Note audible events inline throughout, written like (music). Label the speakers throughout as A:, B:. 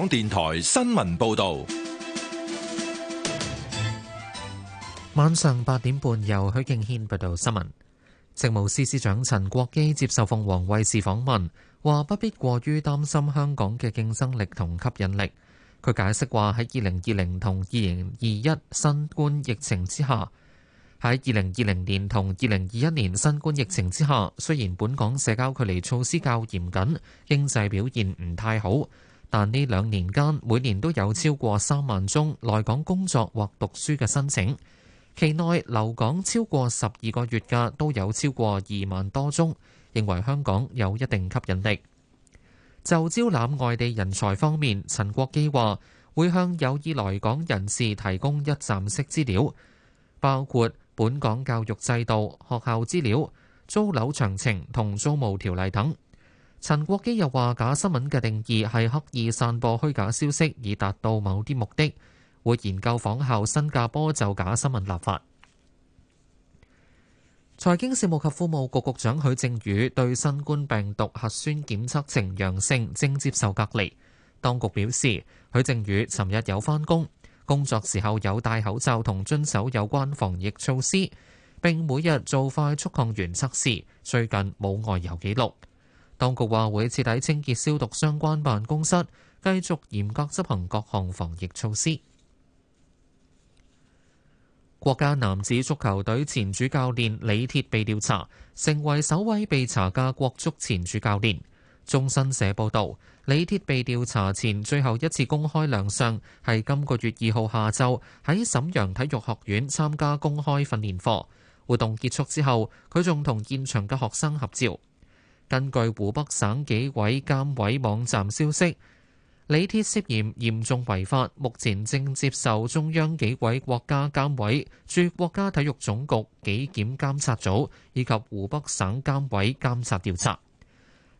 A: 港電台新聞報道，
B: 晚上八點半由許敬軒報道新聞。政務司司長陳國基接受鳳凰衛視訪問，話不必過於擔心香港嘅競爭力同吸引力。佢解釋話喺二零二零同二零二一新冠疫情之下，喺二零二零年同二零二一年新冠疫情之下，雖然本港社交距離措施較嚴謹，經濟表現唔太好。但呢兩年間，每年都有超過三萬宗來港工作或讀書嘅申請，期內留港超過十二個月嘅都有超過二萬多宗，認為香港有一定吸引力。就招攬外地人才方面，陳國基話會向有意來港人士提供一站式資料，包括本港教育制度、學校資料、租樓詳情同租務條例等。陳國基又話：假新聞嘅定義係刻意散播虛假消息以達到某啲目的，會研究仿效新加坡就假新聞立法。財經事務及庫務局局長許正宇對新冠病毒核酸檢測呈陽性，正接受隔離。當局表示，許正宇尋日有返工，工作時候有戴口罩同遵守有關防疫措施，並每日做快速抗原測試，最近冇外遊記錄。當局話會徹底清潔消毒相關辦公室，繼續嚴格執行各項防疫措施。國家男子足球隊前主教練李鐵被調查，成為首位被查嘅國足前主教練。中新社報道，李鐵被調查前最後一次公開亮相係今個月二號下晝喺瀋陽體育學院參加公開訓練課。活動結束之後，佢仲同現場嘅學生合照。根據湖北省紀委監委網站消息，李鐵涉嫌嚴重違法，目前正接受中央紀委國家監委駐國家體育總局紀檢監察組以及湖北省監委監察調查。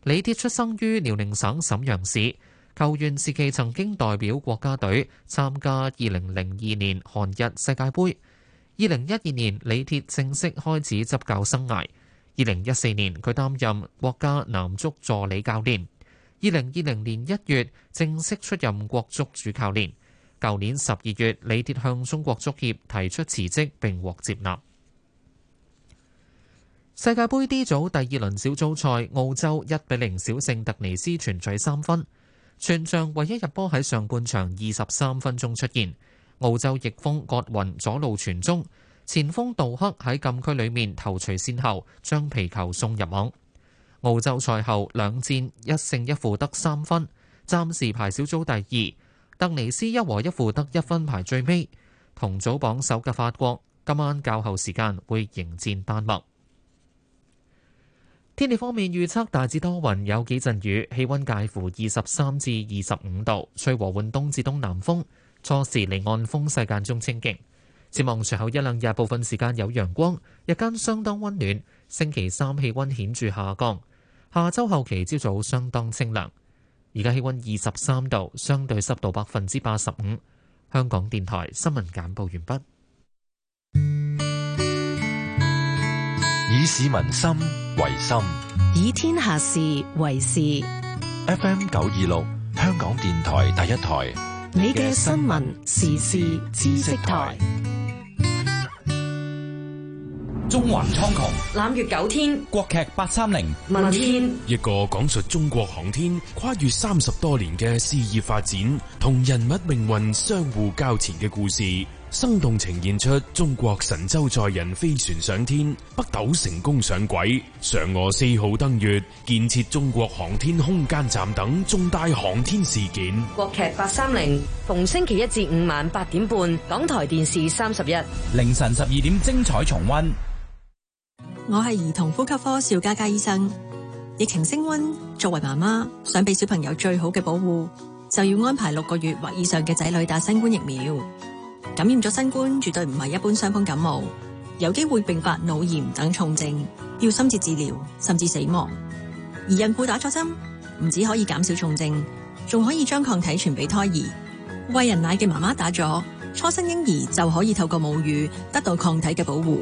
B: 李鐵出生於遼寧省沈陽市，球員時期曾經代表國家隊參加二零零二年韓日世界杯。二零一二年，李鐵正式開始執教生涯。二零一四年，佢擔任國家男足助理教練。二零二零年一月，正式出任國足主教練。舊年十二月，李鐵向中國足協提出辭職，並獲接納。世界盃 D 組第二輪小組賽，澳洲一比零小勝特尼斯，全取三分。全場唯一入波喺上半場二十三分鐘出現，澳洲逆風割雲左路傳中。前鋒杜克喺禁區裏面頭錘先後將皮球送入網。澳洲賽後兩戰一勝一負得三分，暫時排小組第二。特尼斯一和一負得一分排最尾，同組榜首嘅法國今晚較後時間會迎戰丹麥。天氣方面預測大致多雲，有幾陣雨，氣温介乎二十三至二十五度，吹和緩東至東南風，初時離岸風勢間中清勁。展望隨後一兩日，部分時間有陽光，日間相當溫暖。星期三氣溫顯著下降，下周後期朝早相當清涼。而家氣溫二十三度，相對濕度百分之八十五。香港電台新聞簡報完畢。
C: 以市民心為心，
B: 以天下事為事。
C: FM 九二六，香港電台第一台，
B: 你嘅新聞時事知識台。
C: 中環蒼穹
D: 攬月九天，
C: 國劇八三零問天，一個講述中國航天跨越三十多年嘅事業發展同人物命運相互交纏嘅故事，生動呈現出中國神舟載人飛船上天、北斗成功上軌、嫦娥四號登月、建設中國航天空間站等重大航天事件。
D: 國劇八三零，逢星期一至五晚八點半，港台電視三十一，
C: 凌晨十二點精彩重溫。
D: 我係兒童呼吸科邵嘉嘉醫生。疫情升温，作為媽媽想俾小朋友最好嘅保護，就要安排六個月或以上嘅仔女打新冠疫苗。感染咗新冠絕對唔係一般傷風感冒，有機會併發腦炎等重症，要深切治療甚至死亡。而孕婦打咗針，唔止可以減少重症，仲可以將抗體傳俾胎兒。喂人奶嘅媽媽打咗，初生嬰兒就可以透過母乳得到抗體嘅保護。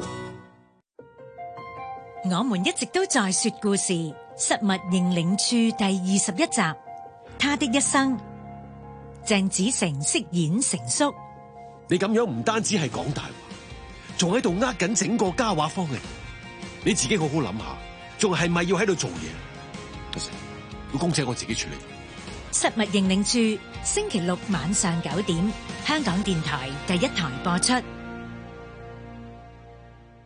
D: 我們一直都在說故事，失物認領處第二十一集，他的一生，鄭子誠飾演成
C: 叔。你咁樣唔單止係講大話，仲喺度呃緊整個家話方嘅，你自己好好諗下，仲係咪要喺度做嘢？多謝，唔使，要公事我自己處理。
D: 失物認領處星期六晚上九點，香港電台第一台播出。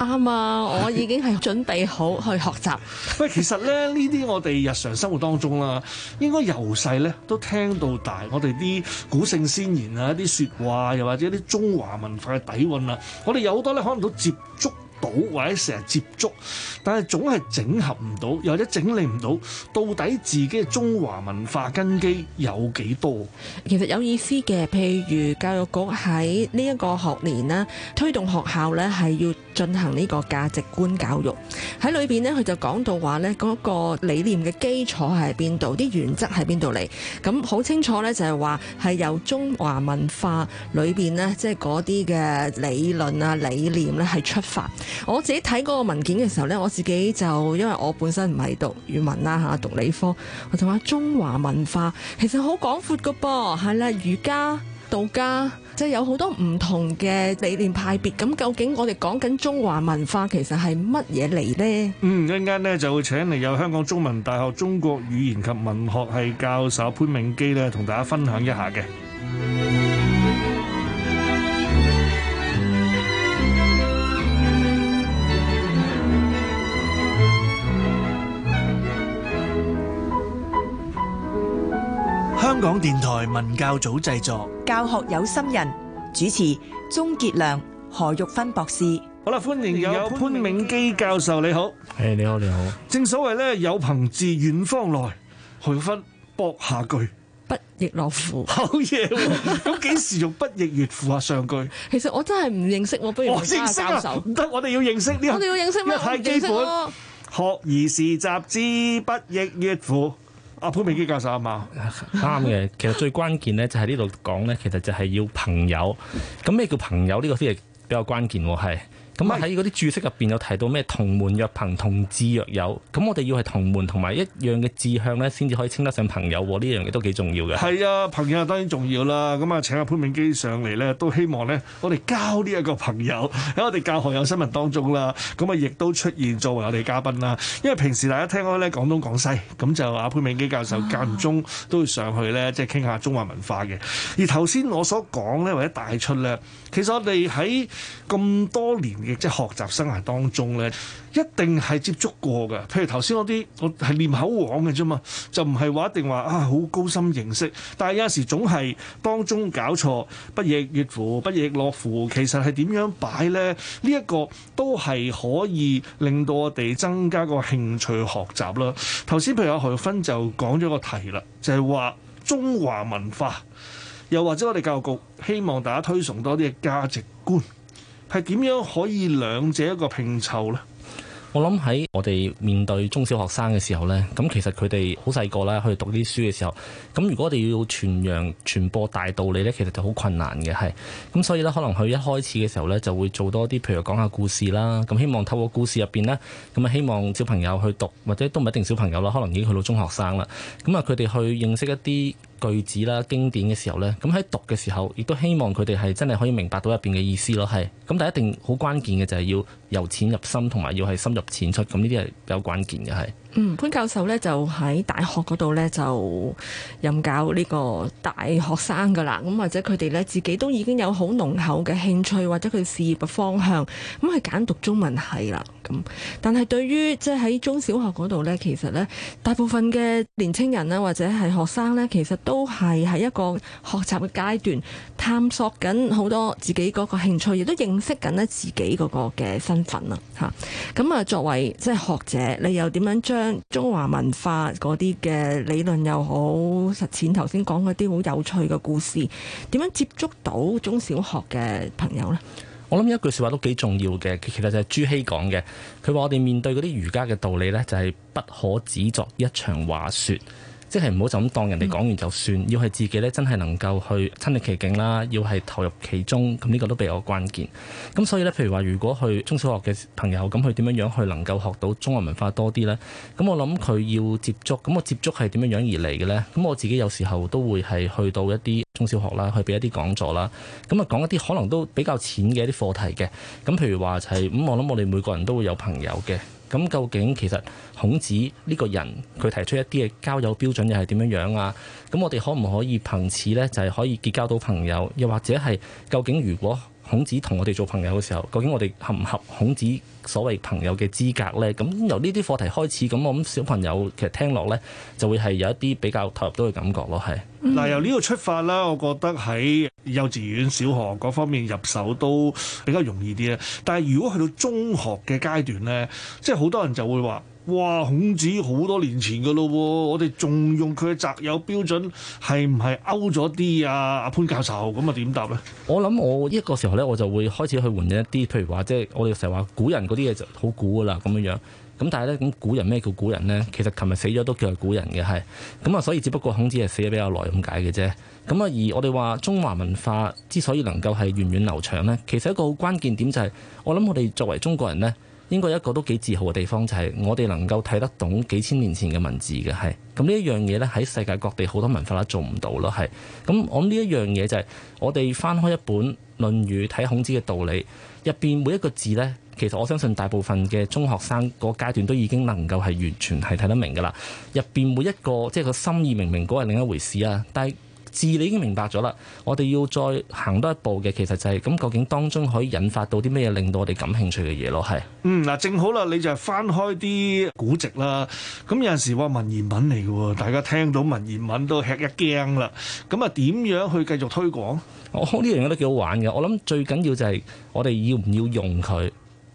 D: 啱啊！我已經係準備好去學習。
C: 喂， (laughs) 其實咧呢啲我哋日常生活當中啦，應該由細咧都聽到大，我哋啲古聖先賢啊一啲説話，又或者啲中華文化嘅底蘊啊，我哋有好多咧可能都接觸到，或者成日接觸，但係總係整合唔到，又或者整理唔到，到底自己嘅中華文化根基有幾多？
D: 其實有意思嘅，譬如教育局喺呢一個學年呢，推動學校咧係要，進行呢個價值觀教育喺裏邊呢，佢就講到話呢嗰、嗰個理念嘅基礎係邊度，啲原則係邊度嚟？咁好清楚呢，就係話係由中華文化裏邊呢，即係嗰啲嘅理論啊、理念呢係出發。我自己睇嗰個文件嘅時候呢，我自己就因為我本身唔係讀語文啦、啊、嚇，讀理科，我就話中華文化其實好廣闊噶噃，係啦，儒家、道家。即係有好多唔同嘅理念派別，咁究竟我哋講緊中華文化其實係乜嘢嚟呢？
C: 嗯，一陣間呢就會請嚟有香港中文大學中國語言及文學系教授潘銘基咧，同大家分享一下嘅。香港電台文教組製作，
D: 教學有心人主持鍾傑良、何玉芬
C: 博士。好啦，歡迎有潘銘基教授，你好。誒，你好，你好。正所謂咧，有朋自遠方來。何玉芬，駁下句，不亦樂乎？好嘢！咁幾時用不亦悅乎啊？上句，
D: 其實我真係唔認識，我不如我認識啊！唔
C: 得，我哋要認識呢，我哋要認識咩？太基本，學而時習之，不亦悅乎？阿潘銘基教授，啊嘛，啱 (noise) 嘅樂。其實最關
A: 鍵咧就係、是、呢度講咧，其實就係要朋友。咁咩叫朋友呢、呢個先係比較關鍵喎，係。咁啊喺嗰啲注釋入邊有提到咩同門若朋，同志若友。咁我哋要係同門同埋一樣嘅志向咧，先至可以稱得上朋友，呢樣嘢都幾重要嘅。係
C: 啊，朋友當然重要啦。咁啊請阿潘銘基上嚟咧，都希望咧我哋交呢一個朋友喺我哋教學有新聞當中啦。咁啊亦都出現作為我哋嘉賓啦。因為平時大家聽開咧廣東廣西，咁就阿、啊、潘銘基教授間中、啊、都會上去咧，即係傾下中華文化嘅。而頭先我所講咧或者帶出咧，其實我哋喺咁多年亦即係學習生涯當中咧，一定係接觸過嘅。譬如頭先嗰啲，我係唸口簧嘅啫嘛，就唔係話一定話啊好高深認識，但係有時總係當中搞錯，不亦悅乎，不亦樂乎。其實係點樣擺咧？呢、這、一個都係可以令到我哋增加個興趣去學習啦。頭先譬如阿何玉芬就講咗個題啦，就係、是、話中華文化，又或者我哋教育局希望大家推崇多啲嘅價值觀。係點樣可以兩者一個拼湊呢？我諗喺我哋面對中小學
A: 生嘅時候呢，咁其實佢哋好細個啦，去讀啲書嘅時候，咁如果我哋要傳揚、傳播大道理呢，其實就好困難嘅，係咁所以呢，可能佢一開始嘅時候呢，就會做多啲，譬如講下故事啦，咁希望透過故事入邊呢，咁啊希望小朋友去讀，或者都唔一定小朋友啦，可能已經去到中學生啦，咁啊佢哋去認識一啲。句子啦，經典嘅時候呢，咁喺讀嘅時候，亦都希望佢哋係真係可以明白到入邊嘅意思咯，係。咁但係一定好關鍵嘅就係要由淺入深，同埋要係深入淺出，咁呢啲係比較關鍵嘅，係。
D: 嗯，潘教授咧就喺大學度咧就任教呢個大學生噶啦，咁或者佢哋咧自己都已經有好濃厚嘅興趣或者佢事業嘅方向，咁佢揀讀中文系啦，咁但係對於即係喺中小學度咧，其實咧大部分嘅年青人咧或者係學生咧，其實都係喺一個學習嘅階段，探索緊好多自己個興趣，亦都認識緊咧自己個嘅身份啦，吓咁啊作為即係學者，你又點樣將？將中華文化嗰啲嘅理論又好，實踐，頭先講嗰啲好有趣嘅故事，點樣接觸到中小學嘅朋友呢？我諗一句說話都
A: 幾重要嘅，其實就係朱熹講嘅，佢話我哋面對嗰啲儒家嘅道理呢，就係不可只作一場話說。即係唔好就咁當人哋講完就算，要係自己咧真係能夠去親歷其境啦，要係投入其中，咁呢個都比較關鍵。咁所以咧，譬如話，如果去中小學嘅朋友咁，佢點樣樣去能夠學到中華文化多啲咧？咁我諗佢要接觸，咁我接觸係點樣樣而嚟嘅咧？咁我自己有時候都會係去到一啲中小學啦，去俾一啲講座啦，咁啊講一啲可能都比較淺嘅一啲課題嘅。咁譬如話就係咁，我諗我哋每個人都會有朋友嘅。咁究竟其實孔子呢個人，佢提出一啲嘅交友標準又係點樣樣啊？咁我哋可唔可以憑此咧就係、是、可以結交到朋友？又或者係究竟如果？孔子同我哋做朋友嘅時候，究竟我哋合唔合孔子所謂朋友嘅資格呢？咁由呢啲課題開始，咁我諗小朋友其實聽落呢，就會係有一啲比較投入到嘅感覺咯。係
C: 嗱、嗯，由呢度出發啦，我覺得喺幼稚園、小學嗰方面入手都比較容易啲咧。但係如果去到中學嘅階段呢，即係好多人就會話。哇！孔子好多年前噶咯，我哋重用佢嘅擇友標準，係唔係勾咗啲啊？阿潘教授咁啊點答咧？
A: 我諗我呢一個時候咧，我就會開始去換一啲，譬如話即係我哋成日話古人嗰啲嘢就好古噶啦咁樣樣。咁但係咧，咁古人咩叫古人咧？其實琴日死咗都叫係古人嘅係。咁啊，所以只不過孔子係死咗比較耐咁解嘅啫。咁啊，而我哋話中華文化之所以能夠係源遠流長咧，其實一個好關鍵點就係，我諗我哋作為中國人咧。應該一個都幾自豪嘅地方，就係我哋能夠睇得懂幾千年前嘅文字嘅，係咁呢一樣嘢咧，喺世界各地好多文化咧做唔到咯，係咁我呢一樣嘢就係我哋翻開一本《論語》睇孔子嘅道理，入邊每一個字呢，其實我相信大部分嘅中學生個階段都已經能夠係完全係睇得明㗎啦，入邊每一個即係個心意明明嗰係另一回事啊，但係。字你已經明白咗啦，我哋要再行多一步嘅，其實就係咁。究竟當中可以引發到啲咩令到我哋感興趣嘅嘢咯？係。
C: 嗯，嗱，正好啦，你就係翻開啲古籍啦。咁有陣時話文言文嚟嘅喎，大家聽到文言文都吃一驚啦。咁啊，點樣去繼續推廣，哦？我呢樣嘢都幾好玩嘅。我諗最緊要就係我哋要唔要
A: 用佢。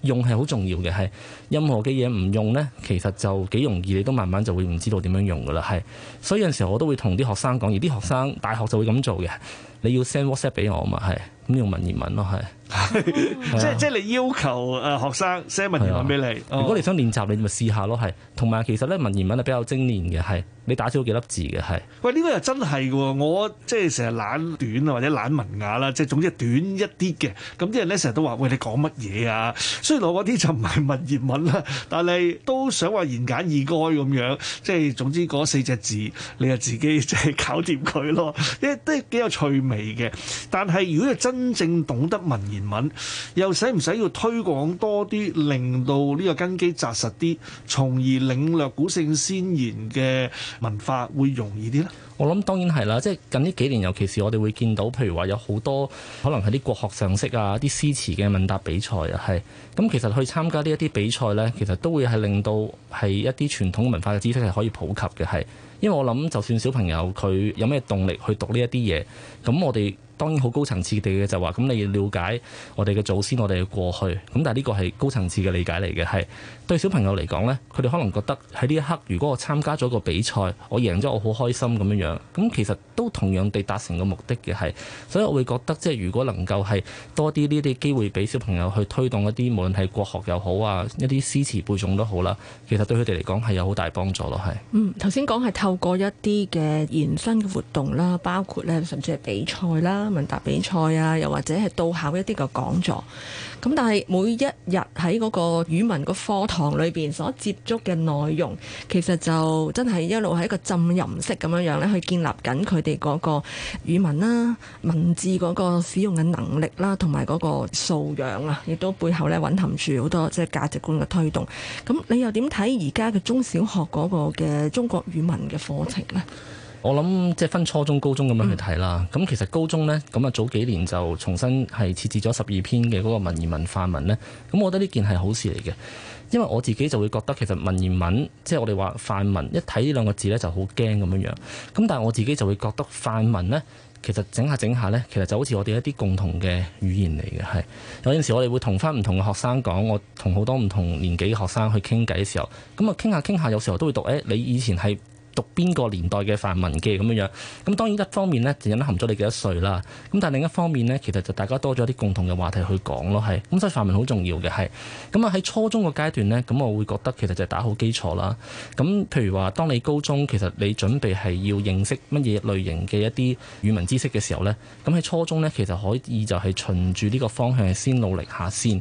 A: 用係好重要嘅，係任何嘅嘢唔用呢，其實就幾容易，你都慢慢就會唔知道點樣用㗎喇，係。所以有陣時候我都會同啲學生講，而啲學生大學就會咁做嘅，你要 send WhatsApp 俾我嘛，係咁用文言文咯，係。
D: (laughs)
C: 即係即係，你要求誒學生寫文言文俾你，
A: 如果你想練習，你咪試下咯。係，同埋其實咧文言文係比較精煉嘅，係你打少幾粒字嘅。係。
C: 喂呢個又真係嘅，我即係成日懶短啊，或者懶文雅啦，即係總之係短一啲嘅。咁啲人咧成日都話喂你講乜嘢啊？雖然我嗰啲就唔係文言文啦，但係都想話言簡意賅咁樣，即係總之嗰四隻字你就自己即係搞掂佢咯。亦都幾有趣味嘅。但係如果你真正懂得文，言文又使唔使要推廣多啲，令到呢個根基紮實啲，從而領略古聖先賢嘅文化會容易啲呢？我諗當然係啦，即係近呢幾年，尤其
A: 是我哋會見到，譬如話有好多可能係啲國學常識啊、啲詩詞嘅問答比賽啊，係咁其實去參加呢一啲比賽咧，其實都會係令到係一啲傳統文化嘅知識係可以普及嘅，係因為我諗就算小朋友佢有咩動力去讀呢一啲嘢，咁我哋。當然好高層次地嘅就話，咁你要了解我哋嘅祖先，我哋嘅過去。咁但係呢個係高層次嘅理解嚟嘅，係。對小朋友嚟講呢，佢哋可能覺得喺呢一刻，如果我參加咗個比賽，我贏咗，我好開心咁樣樣。咁其實都同樣地達成個目的嘅係，所以我會覺得即係如果能夠係多啲呢啲機會俾小朋友去推動一啲，無論係國學又好啊，一啲詩詞背誦都好啦，其實對佢哋嚟講係有好大幫助咯，
D: 係。嗯，頭先講係透過一啲嘅延伸嘅活動啦，包括呢，甚至係比賽啦、問答比賽啊，又或者係到校一啲嘅講座。咁但係每一日喺嗰個語文個課堂裏邊所接觸嘅內容，其實就真係一路喺一個浸淫式咁樣樣咧，去建立緊佢哋嗰個語文啦、啊、文字嗰個使用嘅能力啦、啊，同埋嗰個素養啊，亦都背後咧蘊含住好多即係價值觀嘅推動。咁你又點睇而家嘅中小學嗰個嘅中國語文嘅課程呢？
A: 我諗即係分初中、高中咁樣去睇啦。咁、嗯、其實高中呢，咁啊早幾年就重新係設置咗十二篇嘅嗰個文言文範文呢。咁我覺得呢件係好事嚟嘅，因為我自己就會覺得其實文言文即係、就是、我哋話範文，一睇呢兩個字呢就好驚咁樣樣。咁但係我自己就會覺得範文呢，其實整下整下呢，其實就好似我哋一啲共同嘅語言嚟嘅。係有陣時我哋會同返唔同嘅學生講，我同好多唔同年紀嘅學生去傾偈嘅時候，咁啊傾下傾下，有時候都會讀誒、哎，你以前係，讀邊個年代嘅範文嘅咁樣樣，咁當然一方面呢就隱含咗你幾多歲啦，咁但係另一方面呢，其實就大家多咗啲共同嘅話題去講咯，係，咁所以範文好重要嘅，係，咁啊喺初中個階段呢，咁我會覺得其實就係打好基礎啦，咁譬如話，當你高中其實你準備係要認識乜嘢類型嘅一啲語文知識嘅時候呢，咁喺初中呢，其實可以就係循住呢個方向先努力下先，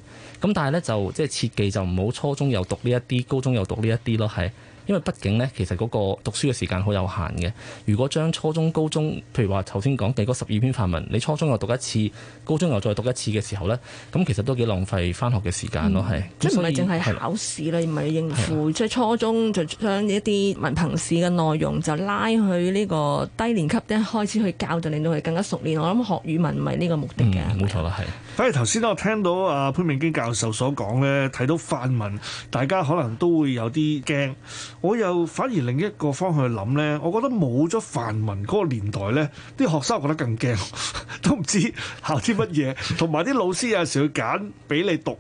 A: 咁但係呢，就即係切忌就唔好初中又讀呢一啲，高中又讀呢一啲咯，係。因為畢竟呢，其實嗰個讀書嘅時間好有限嘅。如果將初中、高中，譬如話頭先講嘅嗰十二篇範文，你初中又讀一次，高中又再讀一次嘅時候呢，咁其實都幾浪費返學嘅時間咯，係。即係唔係淨係考
D: 試啦，而唔係對應付，對即係初中就將一啲文憑試嘅內容就拉去呢個低年級一開始去教，就令到佢更加熟練。我諗學語文唔係呢個目的
C: 嘅。冇、嗯、對錯啦，係。反而頭先我聽到阿潘銘基教授所講呢，睇到範文，大家可能都會有啲驚。我又反而另一個方向去諗呢。我覺得冇咗範文嗰個年代呢，啲學生我覺得更驚， (laughs) 都唔知考啲乜嘢，同埋啲老師有時去揀俾你讀，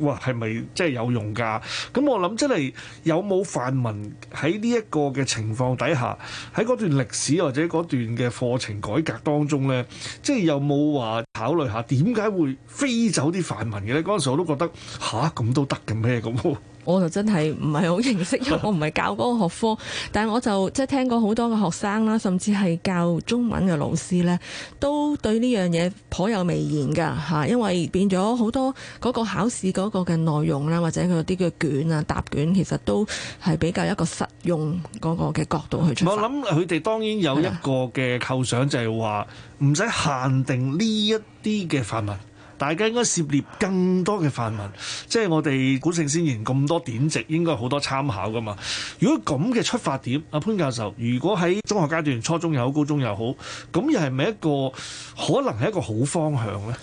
C: 哇，係咪真係有用㗎？咁我諗真係有冇範文喺呢一個嘅情況底下，喺嗰段歷史或者嗰段嘅課程改革當中呢？即係有冇話考慮下點解會飛走啲範文嘅呢？嗰陣時我都覺得吓，咁都得嘅咩咁？ (laughs)
D: 我就真係唔係好認識，因為我唔係教嗰個學科，但係我就即係聽過好多嘅學生啦，甚至係教中文嘅老師咧，都對呢樣嘢頗有微言㗎嚇，因為變咗好多嗰個考試嗰個嘅內容啦，或者佢啲嘅卷啊、答卷其實都係比較一個實用嗰個嘅角度去出。我諗
C: 佢哋當然有一個嘅構想，就係話唔使限定呢一啲嘅範文。大家應該涉獵更多嘅範文，即係我哋古聖先言咁多典籍，應該好多參考㗎嘛。如果咁嘅出發點，阿潘教授，如果喺中學階段、初中又好、高中又好，咁又係咪一個可能係一個好方向呢？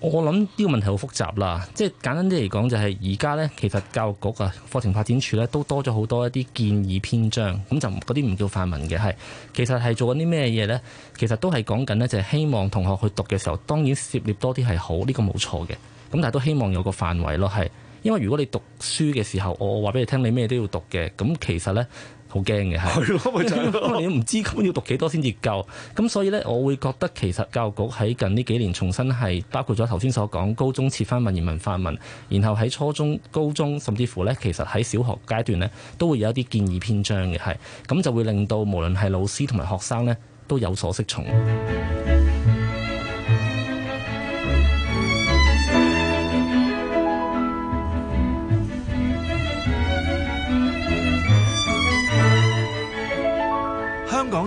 C: 我諗呢個問題好複雜啦，即係
A: 簡單啲嚟講就係而家呢，其實教育局啊課程發展處呢，都多咗好多一啲建議篇章，咁就嗰啲唔叫範文嘅係，其實係做緊啲咩嘢呢？其實都係講緊呢，就係、是、希望同學去讀嘅時候，當然涉獵多啲係好，呢、呢個冇錯嘅，咁但係都希望有個範圍咯，係因為如果你讀書嘅時候，我話俾你聽，你咩都要讀嘅，咁其實呢。好驚嘅係，我唔的 (laughs) 知根本要讀幾多先至夠，咁所以呢，我會覺得其實教育局喺近呢幾年重新係包括咗頭先所講高中設返文言文、範文，然後喺初中、高中甚至乎呢，其實喺小學階段呢都會有一啲建議篇章嘅係，咁就會令到無論係老師同埋學生呢都有所適從。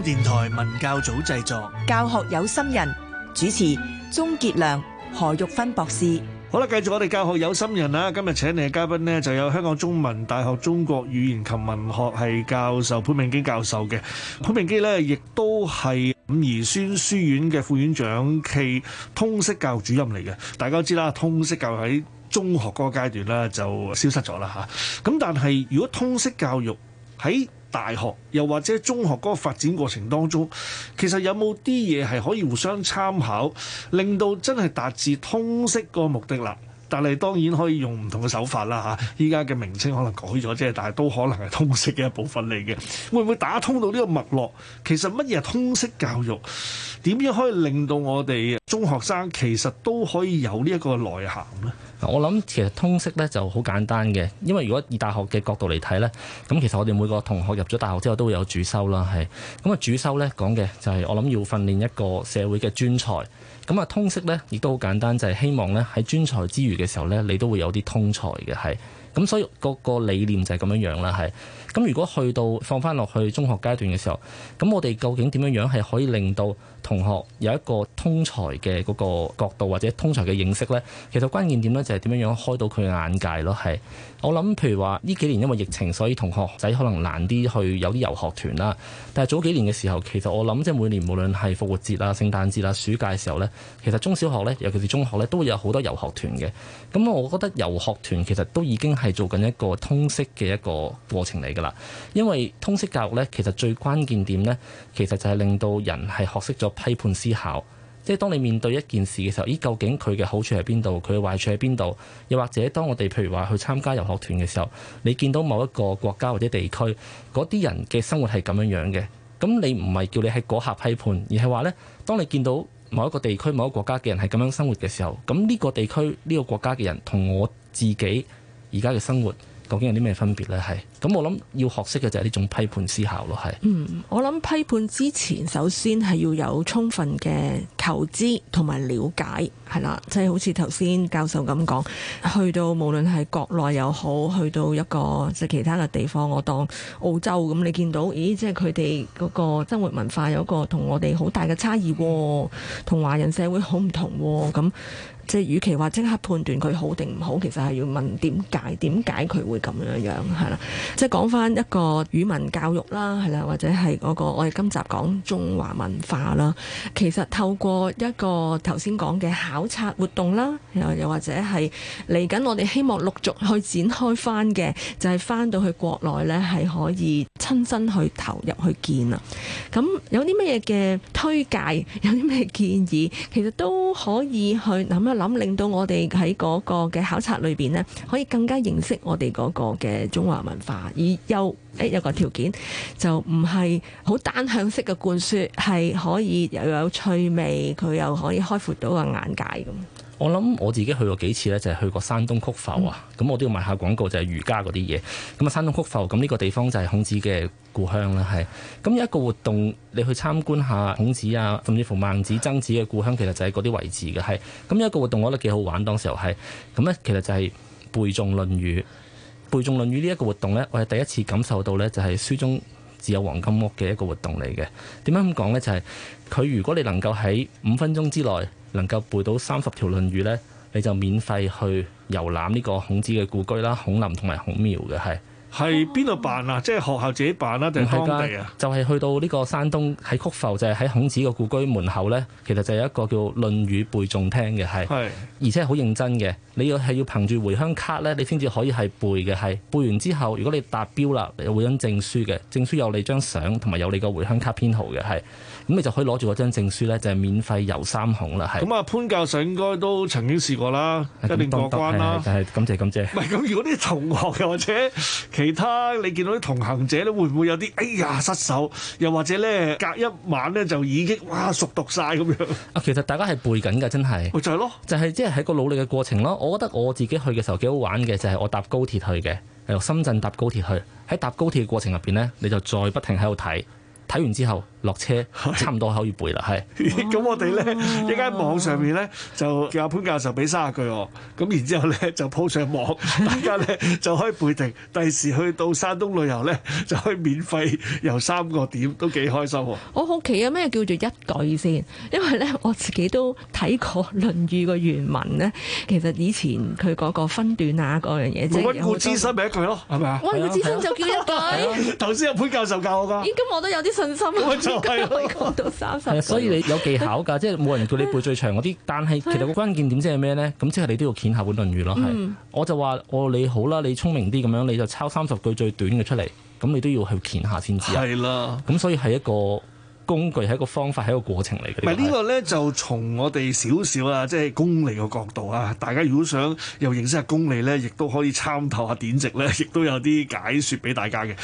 C: 電台文教組製作，
D: 教學有心人主持鍾杰良、何玉芬博士。
C: 好啦，繼續我哋教學有心人啦。今日請嚟嘅嘉賓呢，就有香港中文大學中國語言及文學系教授潘銘基教授嘅潘銘基呢，亦都係伍宜孫書院嘅副院長，暨通識教育主任嚟嘅。大家知啦，通識教育喺中學嗰個階段啦就消失咗啦吓。咁但係如果通識教育喺大學又或者中學嗰個發展過程當中，其實有冇啲嘢係可以互相參考，令到真係達至通識嗰個目的啦？但係當然可以用唔同嘅手法啦嚇。依家嘅名稱可能改咗啫，但係都可能係通識嘅一部分嚟嘅。會唔會打通到呢個脈絡？其實乜嘢係通識教育？點樣可以令到我哋中學生其實都可以有呢一個內涵呢？我諗其實
A: 通識咧就好簡單嘅，因為如果以大學嘅角度嚟睇咧，咁其實我哋每個同學入咗大學之後都會有主修啦，係。咁、嗯、啊主修咧講嘅就係我諗要訓練一個社會嘅專才，咁、嗯、啊通識咧亦都好簡單，就係、是、希望咧喺專才之餘嘅時候咧，你都會有啲通才嘅，係。咁、嗯、所以嗰個理念就係咁樣樣啦，係。咁、嗯、如果去到放翻落去中學階段嘅時候，咁、嗯、我哋究竟點樣樣係可以令到？同學有一個通才嘅嗰個角度或者通才嘅認識咧，其實關鍵點咧就係點樣樣開到佢嘅眼界咯。係我諗譬如話呢幾年因為疫情，所以同學仔可能難啲去有啲遊學團啦。但係早幾年嘅時候，其實我諗即係每年無論係復活節啦、聖誕節啦、暑假時候咧，其實中小學咧，尤其是中學咧，都會有好多遊學團嘅。咁我覺得遊學團其實都已經係做緊一個通識嘅一個過程嚟㗎啦。因為通識教育咧，其實最關鍵點咧，其實就係令到人係學識咗。批判思考，即係當你面對一件事嘅時候，咦，究竟佢嘅好處喺邊度，佢嘅壞處喺邊度？又或者當我哋譬如話去參加遊學團嘅時候，你見到某一個國家或者地區嗰啲人嘅生活係咁樣樣嘅，咁你唔係叫你喺嗰下批判，而係話呢：當你見到某一個地區、某一個國家嘅人係咁樣生活嘅時候，咁呢個地區、呢個國家嘅人同我自己而家嘅生活。究竟有啲咩分別呢？係咁，我諗要學識嘅就係呢種批判思考咯。係，
D: 嗯，我諗批判之前，首先係要有充分嘅求知同埋了解，係啦，即係好似頭先教授咁講，去到無論係國內又好，去到一個即係其他嘅地方，我當澳洲咁，你見到，咦，即係佢哋嗰個生活文化有一個同我哋好大嘅差異，同華人社會好唔同咁。即係，與其話即刻判斷佢好定唔好，其實係要問點解？點解佢會咁樣樣？係啦，即係講翻一個語文教育啦，係啦，或者係嗰個我哋今集講中華文化啦。其實透過一個頭先講嘅考察活動啦，又又或者係嚟緊，我哋希望陸續去展開翻嘅，就係翻到去國內呢，係可以親身去投入去見啊。咁有啲乜嘢嘅推介，有啲咩建議，其實都可以去諗一諗諗令到我哋喺嗰個嘅考察裏邊呢，可以更加認識我哋嗰個嘅中華文化，而又誒有個條件就唔係好單向式嘅灌輸，係可以又有趣味，佢又可以開闊到個眼界，咁。
A: 我諗我自己去過幾次咧，就係、是、去過山東曲阜啊。咁、嗯、我都要賣下廣告，就係儒家嗰啲嘢。咁啊，山東曲阜咁呢個地方就係孔子嘅故鄉啦，係。咁有一個活動，你去參觀下孔子啊，甚至乎孟子、曾子嘅故鄉，其實就喺嗰啲位置嘅，係。咁有一個活動，我覺得幾好玩，當時候係。咁咧，其實就係背誦《論語》。背誦《論語》呢一個活動咧，我係第一次感受到咧，就係書中自有黃金屋嘅一個活動嚟嘅。點樣咁講咧？就係、是、佢如果你能夠喺五分鐘之內。能夠背到三十條《論語》呢，你就免費去遊覽呢個孔子嘅故居啦，孔林同埋孔廟嘅係。
C: 係邊度辦啊？即係學校自己辦
A: 啦、啊，定係當地、啊、就係、是、去到呢個山東喺曲阜，就係、是、喺孔子嘅故居門口呢，其實就有一個叫《論語》背誦廳嘅係，是而且係好認真嘅。你要係要憑住回鄉卡呢，你先至可以係背嘅係。背完之後，如果你達標啦，你會有張證書嘅，證書有你張相同埋有你個回鄉卡編號嘅係。咁你就可以攞住嗰張證書咧，就係、是、免費遊三孔啦，係。
C: 咁啊、嗯，潘教授應該都曾經試過啦，嗯、一定過關啦。係、嗯嗯嗯嗯嗯、
A: 感謝感謝。唔係
C: 咁，如果啲同學又或者其他，你見到啲同行者咧，會唔會有啲哎呀失手？又或者咧，隔一晚咧就已經哇熟讀晒咁樣？
A: 啊，其實大家係背緊㗎，真係。咪就係咯，就係即係喺個努力嘅過程咯。我覺得我自己去嘅時候幾好玩嘅，就係、是、我搭高鐵去嘅，由深圳搭高鐵去。喺搭高鐵嘅過程入邊咧，你就再不停喺度睇。睇完之後落車，差唔多可以背啦，係。
C: 咁我哋咧一間網上面咧就叫阿潘教授俾三十句我，咁然之後咧就鋪上網，大家咧就可以背定。第時去到山東旅遊咧就可以免費遊三個點，都幾開心喎。
D: 我好奇啊，咩叫做一句先？因為咧我自己都睇過《論語》嘅原文咧，其實以前佢嗰個分段啊嗰樣嘢，冇乜顧之身
C: 咪一句咯，係咪
D: 啊？喂，顧之身就叫一句。
C: 頭先阿潘教授教我㗎。咦？咁
D: 我都有啲。我真係講到三十，所以你有技巧噶，即係
A: 冇人叫你背最長嗰啲，但係其實個關鍵點即係咩咧？咁即係你都要鉗下本論語咯。係、嗯，我就話我、哦、你好啦，你聰明啲咁樣，你就抄三十句最短嘅出嚟，咁你都要去鉗下先知啊。
C: 係啦，
A: 咁所以係一個。工具係一個方法，係一個過程嚟嘅。唔係
C: 是呢個咧，是就從我哋少少啊，即係功利個角度啊。大家如果想又認識下功利呢，亦都可以參透下典籍呢，亦都有啲解説俾大家嘅。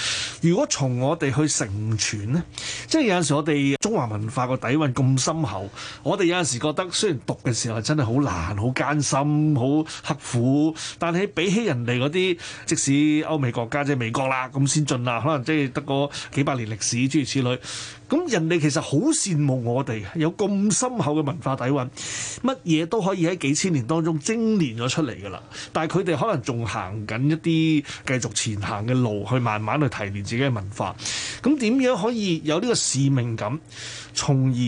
C: 如果從我哋去承傳呢，即係有陣時我哋中華文化個底蘊咁深厚，我哋有陣時覺得雖然讀嘅時候係真係好難、好艱辛、好刻苦，但係比起人哋嗰啲，即使歐美國家即係美國啦咁先進啦，可能即係得嗰幾百年歷史，諸如此類。咁人哋其實好羨慕我哋，有咁深厚嘅文化底蘊，乜嘢都可以喺幾千年當中精煉咗出嚟噶啦。但係佢哋可能仲行緊一啲繼續前行嘅路，去慢慢去提煉自己嘅文化。咁點樣可以有呢個使命感，從而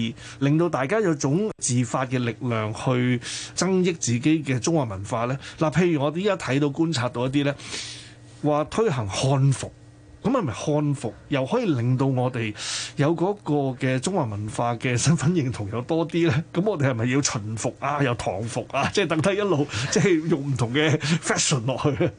C: 令到大家有種自發嘅力量去增益自己嘅中華文，文化呢？嗱，譬如我哋依家睇到觀察到一啲呢話推行漢服。咁係咪漢服又可以令到我哋有嗰個嘅中華文化嘅身份認同有多啲咧？咁我哋係咪要秦服啊？又唐服啊？即係等低一路 (laughs) 即係用唔同嘅 fashion 落去？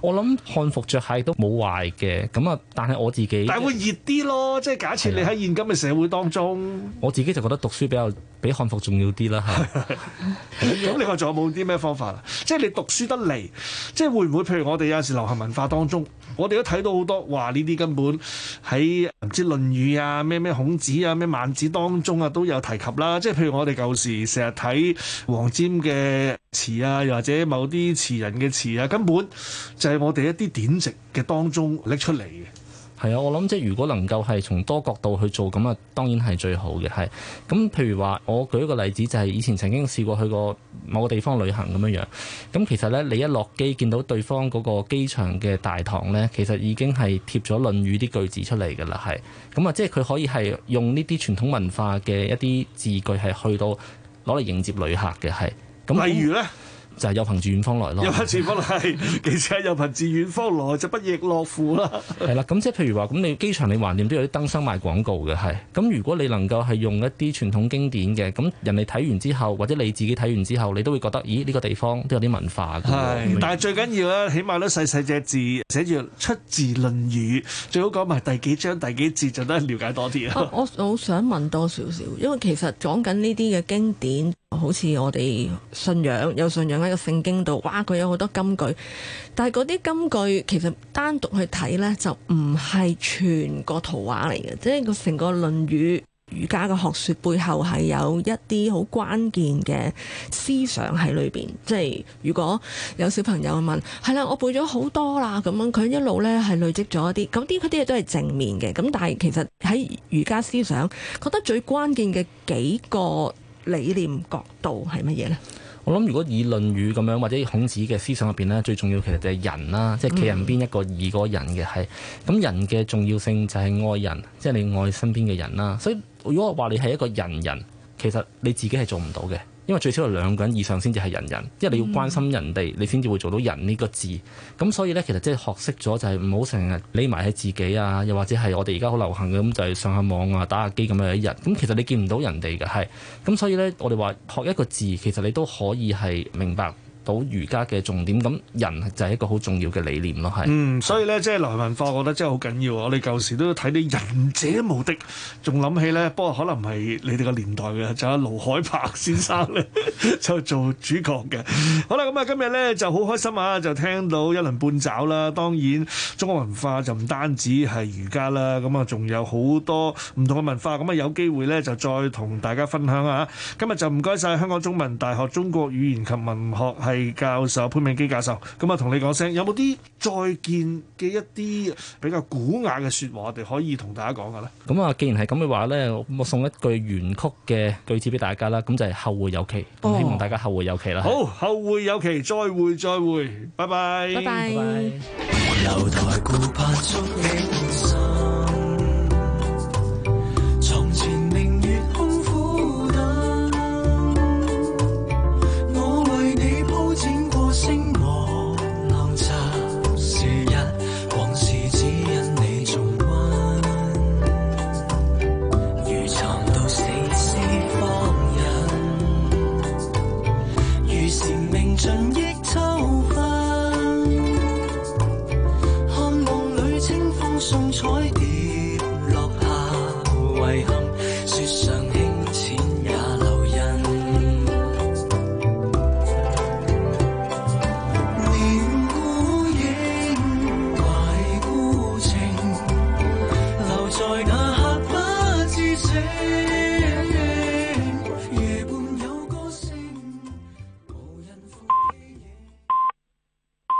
C: 我諗漢服着係都冇壞嘅，咁啊，但係我自己，但係會熱啲咯。即係假設你喺現今嘅社會當中，我自己就覺得讀書比較。比漢服重要啲啦，嚇！咁你話仲有冇啲咩方法啊？即係你讀書得嚟，即係會唔會？譬如我哋有時流行文化當中，我哋都睇到好多話呢啲根本喺唔知《論語》啊、咩咩孔子啊、咩孟子當中啊都有提及啦。即係譬如我哋舊時成日睇黃霑嘅詞啊，又或者某啲詞人嘅詞啊，根本就係我哋一啲典籍嘅當中拎出嚟。係啊，我諗即係如
A: 果能夠係從多角度去做咁啊，當然係最好嘅係。咁譬如話，我舉一個例子，就係、是、以前曾經試過去過某個地方旅行咁樣樣。咁其實呢，你一落機見到對方嗰個機場嘅大堂呢，其實已經係貼咗《論語》啲句子出嚟㗎啦。係咁啊，即係佢可以係用呢啲傳統文化嘅一啲字句係去到攞嚟迎接旅客嘅係咁。例如呢。就係有朋自遠方來咯，有朋自
C: 遠方嚟，其實有朋自遠方來就不亦樂乎啦。
A: 係啦， (laughs) 咁即係譬如話，咁你機場你橫掂都有啲燈箱賣廣告嘅，係。咁如果你能夠係用一啲傳統經典嘅，咁人哋睇完之後，或者你自己睇完之後，你都會覺得，咦？呢個地方都有啲文化。係是，但係最
C: 緊要咧，起碼都細細隻字寫住出自《論語》，最好講埋第幾章第幾節，就得係瞭解多啲啊。
D: 我我好想問多少少，因為其實講緊呢啲嘅經典，好似我哋信仰有信仰個聖經度，哇！佢有好多金句，但係嗰啲金句其實單獨去睇呢，就唔係全個圖畫嚟嘅。即係個成個《論語》儒家嘅學說背後係有一啲好關鍵嘅思想喺裏邊。即係如果有小朋友問：係啦，我背咗好多啦，咁樣佢一路呢係累積咗一啲。咁啲啲嘢都係正面嘅。咁但係其實喺儒家思想，覺得最關鍵嘅幾個理念角度係乜嘢呢？
A: 我諗如果以論語樣《論語》咁樣，或者孔子嘅思想入邊咧，最重要其實就係人啦，嗯、即係企人邊一個二個人嘅係，咁人嘅重要性就係愛人，即係你愛身邊嘅人啦。所以如果話你係一個仁人，其實你自己係做唔到嘅。因為最少係兩個人以上先至係人人，因為你要關心人哋，你先至會做到人呢個字。咁所以咧，其實即係學識咗就係唔好成日匿埋喺自己啊，又或者係我哋而家好流行嘅咁，就係上下網啊、打下機咁樣一日。咁其實你見唔到人哋嘅係，咁所以咧，我哋話學一個字，其實你都可以係明白。到儒家嘅重點，咁人就係一個好重要嘅理念咯，係。嗯，
C: 所以咧，即係來文化，我覺得真係好緊要。我哋舊時都睇啲仁者無敵，仲諗起咧，不過可能係你哋個年代嘅，就阿盧海鵬先生咧 (laughs) (laughs) 就做主角嘅。好啦，咁啊，今日咧就好開心啊，就聽到一輪半爪啦。當然，中國文化就唔單止係儒家啦，咁啊，仲有好多唔同嘅文化。咁啊，有機會咧就再同大家分享啊。今日就唔該晒香港中文大學中國語言及文學系。教授潘銘基教授，咁啊同你講聲，有冇啲再見嘅一啲比較古雅嘅說話，我哋可以同大家講下咧？
A: 咁啊，既然係咁嘅話咧，我送一句原曲嘅句子俾大家啦，咁就係後會有期，哦、希望大家後會有期啦。好，
C: 是後會有期，再會再會，拜拜，拜拜。